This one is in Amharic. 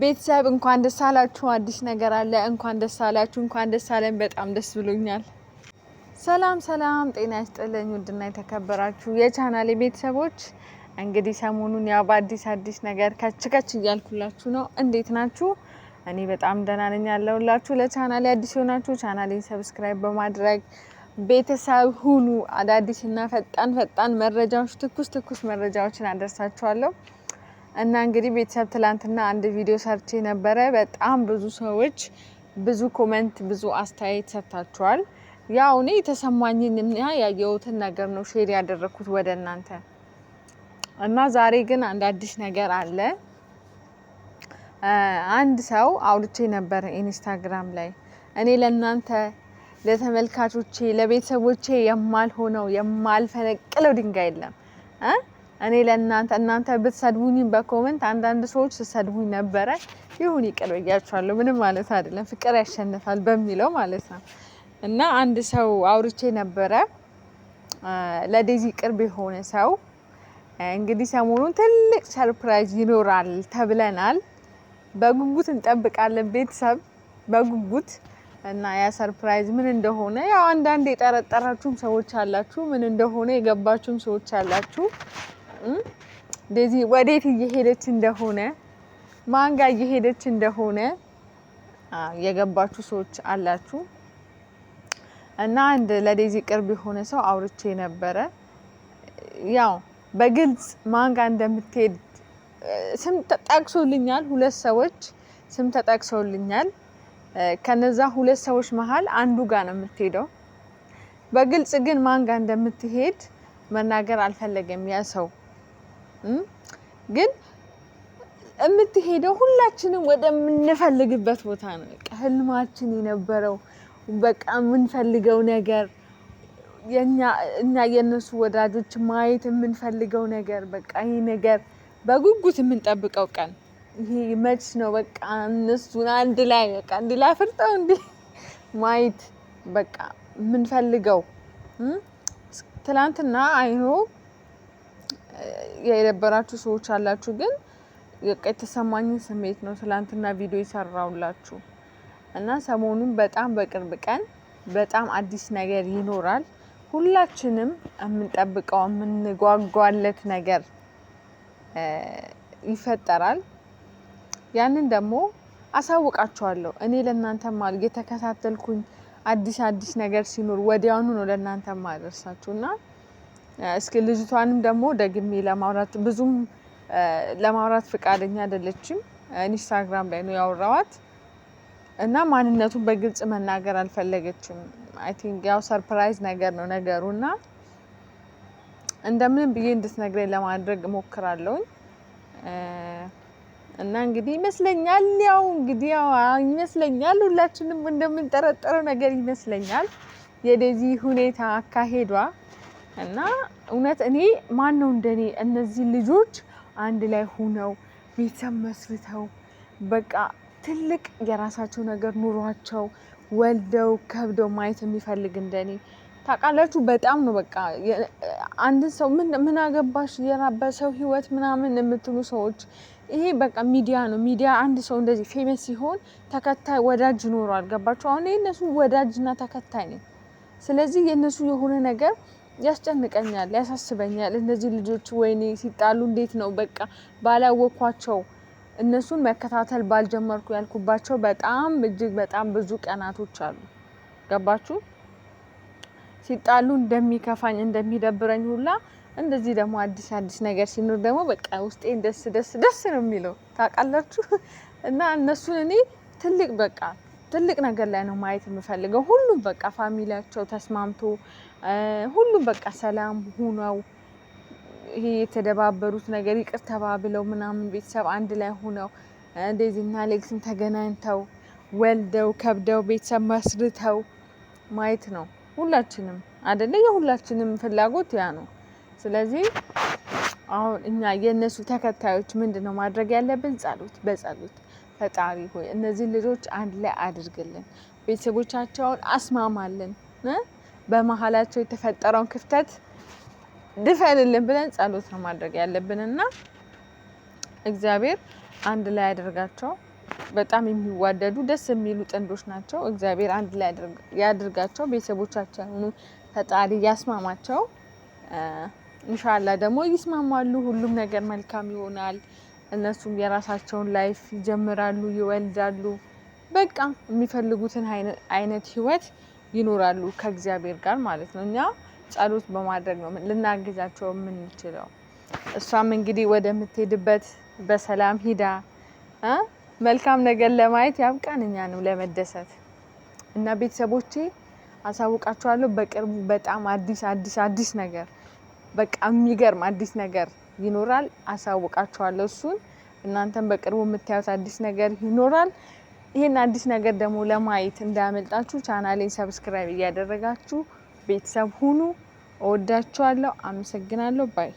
ቤተሰብ እንኳን ደስ አላችሁ። አዲስ ነገር አለ። እንኳን ደስ አላችሁ፣ እንኳን ደስ አለን። በጣም ደስ ብሎኛል። ሰላም ሰላም፣ ጤና ይስጥልኝ ውድና የተከበራችሁ የቻናሌ ቤተሰቦች፣ እንግዲህ ሰሞኑን ያው በአዲስ አዲስ ነገር ከች ከች እያልኩላችሁ ነው። እንዴት ናችሁ? እኔ በጣም ደህና ነኝ ያለሁላችሁ። ለቻናሌ አዲስ የሆናችሁ ቻናሌን ሰብስክራይብ በማድረግ ቤተሰብ ሁኑ። አዳዲስና ፈጣን ፈጣን መረጃዎች፣ ትኩስ ትኩስ መረጃዎችን አደርሳችኋለሁ። እና እንግዲህ ቤተሰብ ትላንትና አንድ ቪዲዮ ሰርቼ ነበረ። በጣም ብዙ ሰዎች ብዙ ኮመንት፣ ብዙ አስተያየት ሰጥታችኋል። ያው እኔ የተሰማኝን እና ያየሁትን ነገር ነው ሼር ያደረግኩት ወደ እናንተ እና ዛሬ ግን አንድ አዲስ ነገር አለ። አንድ ሰው አውልቼ ነበረ ኢንስታግራም ላይ እኔ ለእናንተ ለተመልካቾቼ፣ ለቤተሰቦቼ የማልሆነው የማልፈነቅለው ድንጋይ የለም እኔ ለእናንተ እናንተ ብትሰድቡኝ በኮመንት አንዳንድ ሰዎች ስሰድቡኝ ነበረ። ይሁን ይቅር ብያችኋለሁ። ምንም ማለት አይደለም። ፍቅር ያሸንፋል በሚለው ማለት ነው። እና አንድ ሰው አውርቼ ነበረ ለዴዚ ቅርብ የሆነ ሰው እንግዲህ ሰሞኑን ትልቅ ሰርፕራይዝ ይኖራል ተብለናል። በጉጉት እንጠብቃለን ቤተሰብ በጉጉት እና ያ ሰርፕራይዝ ምን እንደሆነ ያው አንዳንድ የጠረጠራችሁም ሰዎች አላችሁ፣ ምን እንደሆነ የገባችሁም ሰዎች አላችሁ። ዴዚ ወዴት እየሄደች እንደሆነ ማን ጋር እየሄደች እንደሆነ የገባችሁ ሰዎች አላችሁ እና አንድ ለዴዚ ቅርብ የሆነ ሰው አውርቼ ነበረ። ያው በግልጽ ማን ጋር እንደምትሄድ ስም ተጠቅሶልኛል። ሁለት ሰዎች ስም ተጠቅሶልኛል። ከነዛ ሁለት ሰዎች መሀል አንዱ ጋር ነው የምትሄደው። በግልጽ ግን ማን ጋር እንደምትሄድ መናገር አልፈለገም ያ ሰው ግን የምትሄደው ሁላችንም ወደምንፈልግበት ቦታ ነው። ህልማችን የነበረው በቃ የምንፈልገው ነገር እኛ የእነሱ ወዳጆች ማየት የምንፈልገው ነገር በቃ ይህ ነገር በጉጉት የምንጠብቀው ቀን ይሄ መች ነው? በቃ እነሱን አንድ ላይ በቃ እንዲ ፍርጠው እንዲ ማየት በቃ የምንፈልገው ትላንትና አይኖ የደበራችሁ ሰዎች አላችሁ፣ ግን የተሰማኝን ስሜት ነው ትላንትና ቪዲዮ የሰራውላችሁ እና ሰሞኑን በጣም በቅርብ ቀን በጣም አዲስ ነገር ይኖራል። ሁላችንም የምንጠብቀው የምንጓጓለት ነገር ይፈጠራል። ያንን ደግሞ አሳውቃችኋለሁ። እኔ ለእናንተ ማል የተከታተልኩኝ አዲስ አዲስ ነገር ሲኖር ወዲያውኑ ነው ለእናንተ ማደርሳችሁ እና እስኪ ልጅቷንም ደግሞ ደግሜ ለማውራት ብዙም ለማውራት ፍቃደኛ አይደለችም። ኢንስታግራም ላይ ነው ያወራዋት እና ማንነቱን በግልጽ መናገር አልፈለገችም። አይ ቲንክ ያው ሰርፕራይዝ ነገር ነው ነገሩ እና እንደምንም ብዬ እንድትነግረኝ ለማድረግ እሞክራለሁኝ። እና እንግዲህ ይመስለኛል ያው እንግዲህ ያው ይመስለኛል ሁላችንም እንደምንጠረጠረው ነገር ይመስለኛል የዴዚ ሁኔታ አካሄዷ እና እውነት እኔ ማን ነው እንደኔ እነዚህ ልጆች አንድ ላይ ሁነው ቤተሰብ መስርተው በቃ ትልቅ የራሳቸው ነገር ኑሯቸው ወልደው ከብደው ማየት የሚፈልግ እንደኔ ታውቃላችሁ። በጣም ነው በቃ አንድ ሰው ምን አገባሽ የራበሰው ህይወት ምናምን የምትሉ ሰዎች፣ ይሄ በቃ ሚዲያ ነው። ሚዲያ አንድ ሰው እንደዚህ ፌመስ ሲሆን ተከታይ ወዳጅ ይኖረዋል። ገባችሁ? አሁን የእነሱ ወዳጅና ተከታይ ነኝ። ስለዚህ የእነሱ የሆነ ነገር ያስጨንቀኛል፣ ያሳስበኛል። እነዚህ ልጆች ወይኔ ሲጣሉ እንዴት ነው በቃ ባላወኳቸው እነሱን መከታተል ባልጀመርኩ ያልኩባቸው በጣም እጅግ በጣም ብዙ ቀናቶች አሉ። ገባችሁ? ሲጣሉ እንደሚከፋኝ እንደሚደብረኝ ሁላ እንደዚህ ደግሞ አዲስ አዲስ ነገር ሲኖር ደግሞ በቃ ውስጤን ደስ ደስ ደስ ነው የሚለው ታውቃላችሁ። እና እነሱን እኔ ትልቅ በቃ ትልቅ ነገር ላይ ነው ማየት የምፈልገው። ሁሉም በቃ ፋሚሊያቸው ተስማምቶ ሁሉም በቃ ሰላም ሁነው ይሄ የተደባበሩት ነገር ይቅር ተባብለው ምናምን ቤተሰብ አንድ ላይ ሁነው ዴዚና ሌክስም ተገናኝተው ወልደው ከብደው ቤተሰብ መስርተው ማየት ነው ሁላችንም አደለ? የሁላችንም ፍላጎት ያ ነው። ስለዚህ አሁን እኛ የእነሱ ተከታዮች ምንድን ነው ማድረግ ያለብን? ጸሎት፣ በጸሎት ፈጣሪ ሆይ እነዚህ ልጆች አንድ ላይ አድርግልን፣ ቤተሰቦቻቸውን አስማማልን በመሀላቸው የተፈጠረውን ክፍተት ድፈንልን ብለን ጸሎት ነው ማድረግ ያለብንና እግዚአብሔር አንድ ላይ ያደርጋቸው። በጣም የሚዋደዱ ደስ የሚሉ ጥንዶች ናቸው። እግዚአብሔር አንድ ላይ ያድርጋቸው። ቤተሰቦቻቸውን ፈጣሪ ያስማማቸው። እንሻላ ደግሞ ይስማማሉ። ሁሉም ነገር መልካም ይሆናል። እነሱም የራሳቸውን ላይፍ ይጀምራሉ፣ ይወልዳሉ። በቃ የሚፈልጉትን አይነት ህይወት ይኖራሉ ከእግዚአብሔር ጋር ማለት ነው። እኛ ጸሎት በማድረግ ነው ልናግዛቸው የምንችለው። እሷም እንግዲህ ወደምትሄድበት በሰላም ሂዳ መልካም ነገር ለማየት ያብቃን፣ እኛንም ለመደሰት እና ቤተሰቦቼ አሳውቃችኋለሁ። በቅርቡ በጣም አዲስ አዲስ አዲስ ነገር በቃ የሚገርም አዲስ ነገር ይኖራል። አሳውቃችኋለሁ እሱን እናንተም በቅርቡ የምታዩት አዲስ ነገር ይኖራል። ይህን አዲስ ነገር ደግሞ ለማየት እንዳያመልጣችሁ ቻናሌን ሰብስክራይብ እያደረጋችሁ ቤተሰብ ሁኑ። እወዳችኋለሁ። አመሰግናለሁ። ባይ